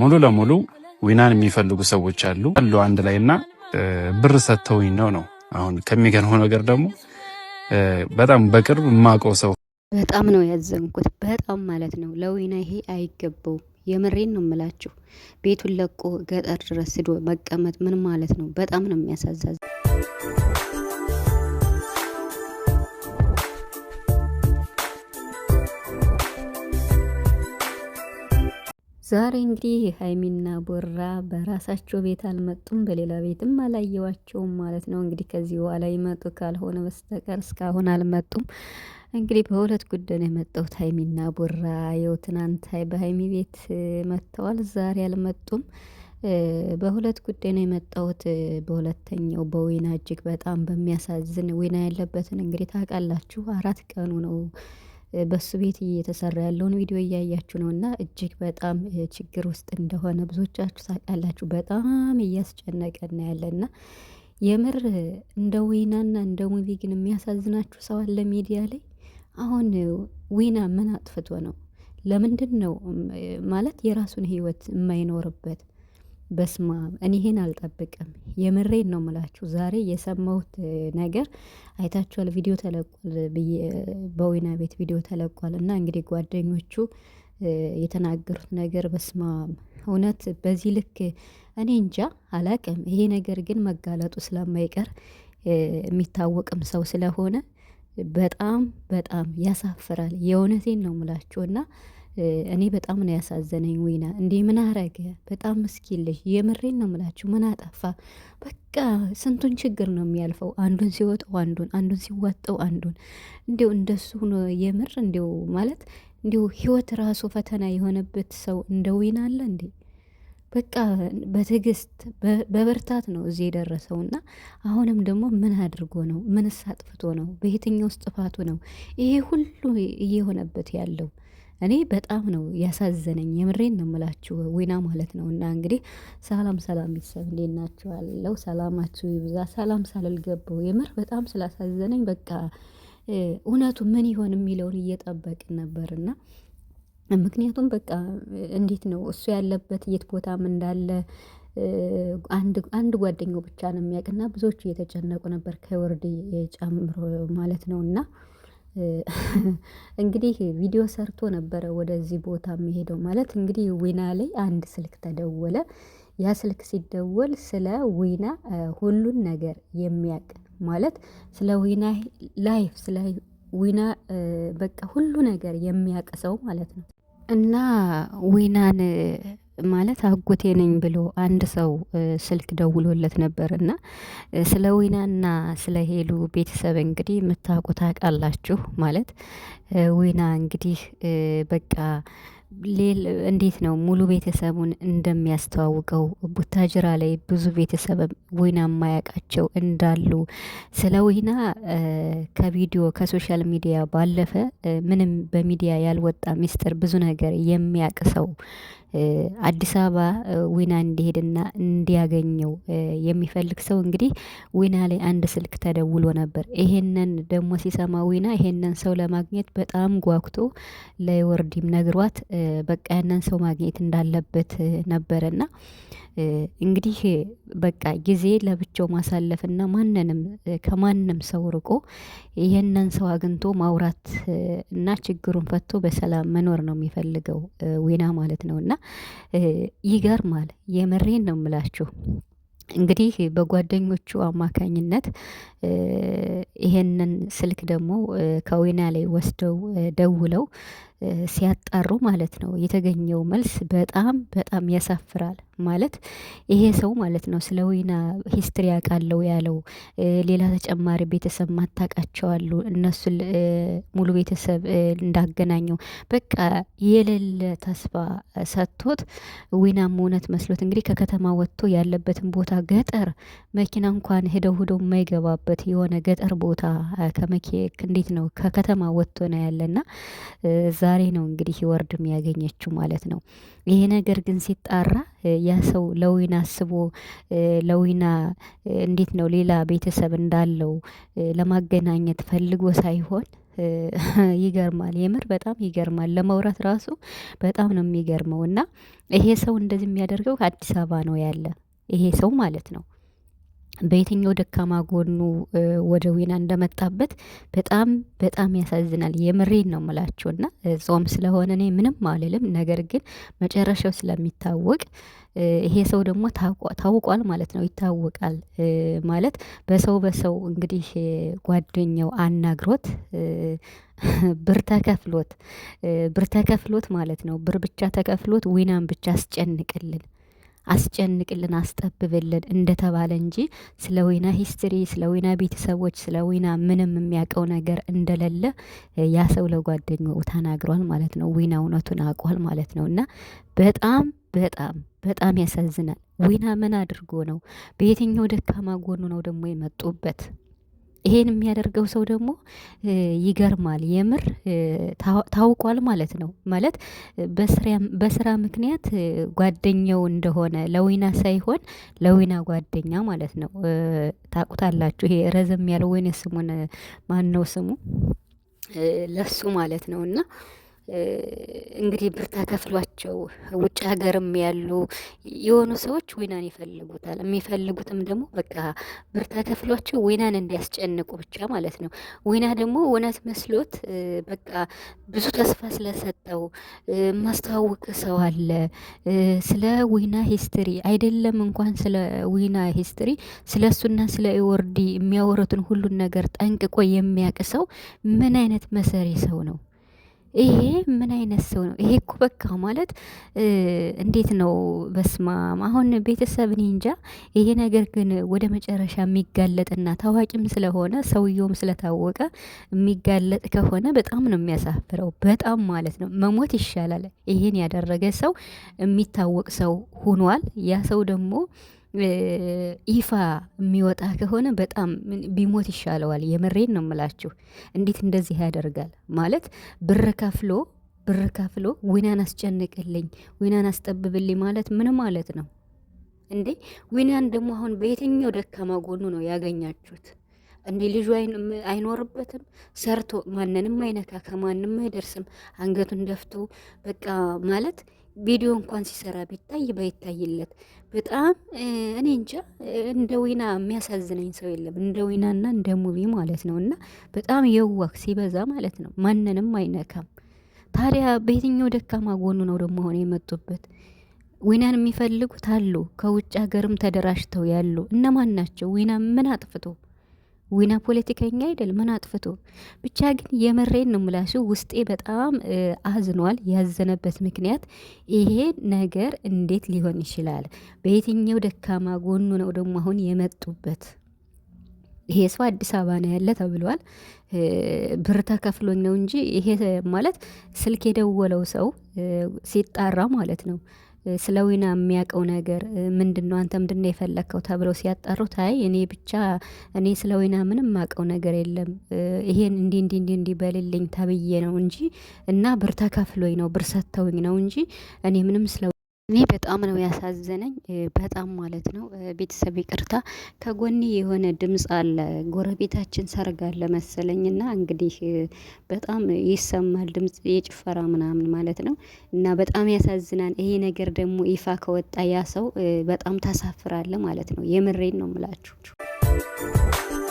ሙሉ ለሙሉ ዊናን የሚፈልጉ ሰዎች አሉ አሉ አንድ ላይ እና ብር ሰጥተውኝ ነው ነው። አሁን ከሚገርመው ነገር ደግሞ በጣም በቅርብ የማውቀው ሰው በጣም ነው ያዘንኩት። በጣም ማለት ነው ለዊና ይሄ አይገባውም። የምሬን ነው የምላችሁ። ቤቱን ለቆ ገጠር ድረስ ሂዶ መቀመጥ ምን ማለት ነው? በጣም ነው የሚያሳዛዝ ዛሬ እንግዲህ ሀይሚና ቦራ በራሳቸው ቤት አልመጡም፣ በሌላ ቤትም አላየዋቸውም ማለት ነው። እንግዲህ ከዚህ በኋላ ይመጡ ካልሆነ በስተቀር እስካሁን አልመጡም። እንግዲህ በሁለት ጉዳይ ነው የመጣሁት። ሀይሚና ቦራ የው ትናንት በሀይሚ ቤት መጥተዋል፣ ዛሬ አልመጡም። በሁለት ጉዳይ ነው የመጣሁት። በሁለተኛው በወይና እጅግ በጣም በሚያሳዝን ዊና ያለበትን እንግዲህ ታውቃላችሁ፣ አራት ቀኑ ነው በሱ ቤት እየተሰራ ያለውን ቪዲዮ እያያችሁ ነው እና እጅግ በጣም ችግር ውስጥ እንደሆነ ብዙዎቻችሁ ታውቃላችሁ። በጣም እያስጨነቀና ያለና የምር እንደ ዊናና እንደ ሙቪ ግን የሚያሳዝናችሁ ሰው አለ ሚዲያ ላይ። አሁን ዊና ምን አጥፍቶ ነው? ለምንድን ነው ማለት የራሱን ህይወት የማይኖርበት በስማ እኔ ይሄን አልጠብቅም። የምሬን ነው የምላችሁ። ዛሬ የሰማሁት ነገር አይታችኋል፣ ቪዲዮ ተለቋል በወይና ቤት ቪዲዮ ተለቋል። እና እንግዲህ ጓደኞቹ የተናገሩት ነገር በስማ እውነት በዚህ ልክ እኔ እንጃ አላቅም። ይሄ ነገር ግን መጋለጡ ስለማይቀር የሚታወቅም ሰው ስለሆነ በጣም በጣም ያሳፍራል። የእውነቴን ነው የምላችሁ እና እኔ በጣም ነው ያሳዘነኝ። ወይና እንዴ ምን አረገ? በጣም ምስኪን ልጅ። የምሬን ነው ምላችሁ። ምን አጠፋ? በቃ ስንቱን ችግር ነው የሚያልፈው። አንዱን ሲወጣው አንዱን፣ አንዱን ሲዋጠው አንዱን። እንዲው እንደሱ ሆኖ የምር እንዲው ማለት እንዲው ህይወት ራሱ ፈተና የሆነበት ሰው እንደ ወይና አለ እንዴ? በቃ በትዕግስት በበርታት ነው እዚህ የደረሰው እና አሁንም ደግሞ ምን አድርጎ ነው? ምንስ አጥፍቶ ነው? በየትኛውስ ጥፋቱ ነው ይሄ ሁሉ እየሆነበት ያለው? እኔ በጣም ነው ያሳዘነኝ። የምሬን ነው የምላችሁ ዊና ማለት ነው። እና እንግዲህ ሰላም ሰላም ቤተሰብ እንዴት ናችኋለሁ? ሰላማችሁ ይብዛ። ሰላም ሳልል ገባሁ። የምር በጣም ስላሳዘነኝ በቃ እውነቱ ምን ይሆን የሚለውን እየጠበቅን ነበርና ምክንያቱም በቃ እንዴት ነው እሱ ያለበት የት ቦታም እንዳለ አንድ ጓደኛው ብቻ ነው የሚያውቅና ብዙዎቹ እየተጨነቁ ነበር ከወርድ ጨምሮ ማለት ነው። እና እንግዲህ ቪዲዮ ሰርቶ ነበረ ወደዚህ ቦታ የሚሄደው ማለት እንግዲህ ዊና ላይ አንድ ስልክ ተደወለ። ያ ስልክ ሲደወል ስለ ዊና ሁሉን ነገር የሚያውቅ ማለት ስለ ዊና ላይፍ ስለ ዊና በቃ ሁሉ ነገር የሚያውቅ ሰው ማለት ነው። እና ዊናን ማለት አጎቴ ነኝ ብሎ አንድ ሰው ስልክ ደውሎለት ነበር እና ስለ ዊናና ስለ ሄሉ ቤተሰብ እንግዲህ የምታውቁ ታውቃላችሁ። ማለት ዊና እንግዲህ በቃ ሌል እንዴት ነው ሙሉ ቤተሰቡን እንደሚያስተዋውቀው ቡታጅራ ላይ ብዙ ቤተሰብ ዊና የማያውቃቸው እንዳሉ ስለ ዊና ከቪዲዮ ከሶሻል ሚዲያ ባለፈ ምንም በሚዲያ ያልወጣ ሚስጥር ብዙ ነገር የሚያውቅ ሰው አዲስ አበባ ዊና እንዲሄድና እንዲያገኘው የሚፈልግ ሰው እንግዲህ ዊና ላይ አንድ ስልክ ተደውሎ ነበር። ይሄንን ደግሞ ሲሰማ ዊና ይሄንን ሰው ለማግኘት በጣም ጓጉቶ ለወርዲም ነግሯት በቃ ያንን ሰው ማግኘት እንዳለበት ነበረና እንግዲህ በቃ ጊዜ ለብቻው ማሳለፍና ማንንም ከማንም ሰው ርቆ ይህንን ሰው አግኝቶ ማውራት እና ችግሩን ፈቶ በሰላም መኖር ነው የሚፈልገው ዊና ማለት ነው። እና ይገርማል። የምሬን ነው ምላችሁ። እንግዲህ በጓደኞቹ አማካኝነት ይሄንን ስልክ ደግሞ ከዊና ላይ ወስደው ደውለው ሲያጣሩ ማለት ነው የተገኘው መልስ በጣም በጣም ያሳፍራል። ማለት ይሄ ሰው ማለት ነው ስለ ወይና ሂስትሪ ያውቃለው ያለው ሌላ ተጨማሪ ቤተሰብ ማታቃቸዋሉ እነሱ ሙሉ ቤተሰብ እንዳገናኘው በቃ የሌለ ተስፋ ሰጥቶት ዊናም እውነት መስሎት እንግዲህ ከከተማ ወጥቶ ያለበትን ቦታ ገጠር መኪና እንኳን ሂደው ሂደው የማይገባበት የሆነ ገጠር ቦታ ከመኪ እንዴት ነው ከከተማ ወጥቶ ነው ያለና እዛ ዛሬ ነው እንግዲህ ወርድም ያገኘችው ማለት ነው። ይሄ ነገር ግን ሲጣራ ያ ሰው ለዊና አስቦ ለዊና እንዴት ነው ሌላ ቤተሰብ እንዳለው ለማገናኘት ፈልጎ ሳይሆን ይገርማል። የምር በጣም ይገርማል። ለመውራት ራሱ በጣም ነው የሚገርመው። እና ይሄ ሰው እንደዚህ የሚያደርገው አዲስ አበባ ነው ያለ ይሄ ሰው ማለት ነው። በየትኛው ደካማ ጎኑ ወደ ዊና እንደመጣበት በጣም በጣም ያሳዝናል። የምሬን ነው ምላችሁ እና ጾም ስለሆነ እኔ ምንም አልልም። ነገር ግን መጨረሻው ስለሚታወቅ ይሄ ሰው ደግሞ ታውቋል ማለት ነው፣ ይታወቃል ማለት በሰው በሰው እንግዲህ ጓደኛው አናግሮት ብር ተከፍሎት ብር ተከፍሎት ማለት ነው ብር ብቻ ተከፍሎት ዊናን ብቻ አስጨንቅልን አስጨንቅልን አስጠብብልን እንደተባለ እንጂ ስለ ወይና ሂስትሪ፣ ስለ ወይና ቤተሰቦች፣ ስለ ወይና ምንም የሚያውቀው ነገር እንደሌለ ያ ሰው ለጓደኛው ተናግሯል ማለት ነው። ወይና እውነቱን አውቋል ማለት ነው። እና በጣም በጣም በጣም ያሳዝናል። ወይና ምን አድርጎ ነው? በየትኛው ደካማ ጎኑ ነው ደግሞ የመጡበት? ይሄን የሚያደርገው ሰው ደግሞ ይገርማል። የምር ታውቋል ማለት ነው። ማለት በስራ ምክንያት ጓደኛው እንደሆነ ለዊና ሳይሆን ለዊና ጓደኛ ማለት ነው። ታቁታላችሁ። ይሄ ረዘም ያለው ወይኔ ስሙን ማን ነው ስሙ ለሱ ማለት ነው እና እንግዲህ ብር ተከፍሏቸው ውጭ ሀገርም ያሉ የሆኑ ሰዎች ዊናን ይፈልጉታል። የሚፈልጉትም ደግሞ በቃ ብር ተከፍሏቸው ዊናን እንዲያስጨንቁ ብቻ ማለት ነው። ዊና ደግሞ እውነት መስሎት በቃ ብዙ ተስፋ ስለሰጠው ማስተዋወቅ ሰው አለ። ስለ ዊና ሂስትሪ አይደለም እንኳን ስለ ዊና ሂስትሪ ስለ እሱና ስለ ኢወርዲ የሚያወረቱን ሁሉን ነገር ጠንቅቆ የሚያውቅ ሰው ምን አይነት መሰሪ ሰው ነው? ይሄ ምን አይነት ሰው ነው? ይሄ እኮ በቃ ማለት እንዴት ነው? በስማም አሁን ቤተሰብ እንጃ። ይሄ ነገር ግን ወደ መጨረሻ የሚጋለጥና ታዋቂም ስለሆነ ሰውየውም ስለታወቀ የሚጋለጥ ከሆነ በጣም ነው የሚያሳፍረው። በጣም ማለት ነው መሞት ይሻላል። ይሄን ያደረገ ሰው የሚታወቅ ሰው ሆኗል። ያ ሰው ደግሞ ይፋ የሚወጣ ከሆነ በጣም ቢሞት ይሻለዋል። የምሬን ነው የምላችሁ። እንዴት እንደዚህ ያደርጋል ማለት ብር ከፍሎ ብር ከፍሎ ዊናን አስጨንቅልኝ፣ ዊናን አስጠብብልኝ ማለት ምን ማለት ነው እንዴ? ዊናን ደግሞ አሁን በየትኛው ደካማ ጎኑ ነው ያገኛችሁት? እንዴ ልጁ አይኖርበትም፣ ሰርቶ ማንንም አይነካ፣ ከማንም አይደርስም። አንገቱን ደፍቶ በቃ ማለት ቪዲዮ እንኳን ሲሰራ ቢታይ ባይታይለት በጣም እኔ እንጃ። እንደ ዊና የሚያሳዝነኝ ሰው የለም፣ እንደ ዊናና እንደ ሙቪ ማለት ነው። እና በጣም የዋክ ሲበዛ ማለት ነው፣ ማንንም አይነካም። ታዲያ በየትኛው ደካማ ጎኑ ነው ደግሞ ሆነ የመጡበት? ዊናን የሚፈልጉት አሉ፣ ከውጭ ሀገርም ተደራጅተው ያሉ እነማን ናቸው? ዊና ምን አጥፍቶ ዊና ፖለቲከኛ አይደል? ምን አጥፍቶ ብቻ ግን የምሬን ነው ምላሹ። ውስጤ በጣም አዝኗል። ያዘነበት ምክንያት ይሄ ነገር እንዴት ሊሆን ይችላል? በየትኛው ደካማ ጎኑ ነው ደግሞ አሁን የመጡበት? ይሄ ሰው አዲስ አበባ ነው ያለ ተብሏል። ብር ተከፍሎኝ ነው እንጂ ይሄ ማለት ስልክ የደወለው ሰው ሲጣራ ማለት ነው ስለ ዊና የሚያውቀው ነገር ምንድን ነው? አንተ ምንድን ነው የፈለግከው? ተብለው ሲያጠሩት አይ እኔ ብቻ እኔ ስለ ዊና ምንም የማውቀው ነገር የለም ይሄን እንዲ እንዲ እንዲ እንዲ በልልኝ ተብዬ ነው እንጂ እና ብር ተከፍሎኝ ነው ብር ሰጥተውኝ ነው እንጂ እኔ ምንም ስለ እኔ በጣም ነው ያሳዘነኝ በጣም ማለት ነው። ቤተሰብ ይቅርታ ከጎኔ የሆነ ድምጽ አለ ጎረቤታችን ሰርግ አለ መሰለኝ እና እንግዲህ በጣም ይሰማል ድምጽ የጭፈራ ምናምን ማለት ነው። እና በጣም ያሳዝናል ይሄ ነገር ደግሞ ይፋ ከወጣ ያ ሰው በጣም ታሳፍራለ ማለት ነው። የምሬን ነው ምላችሁ።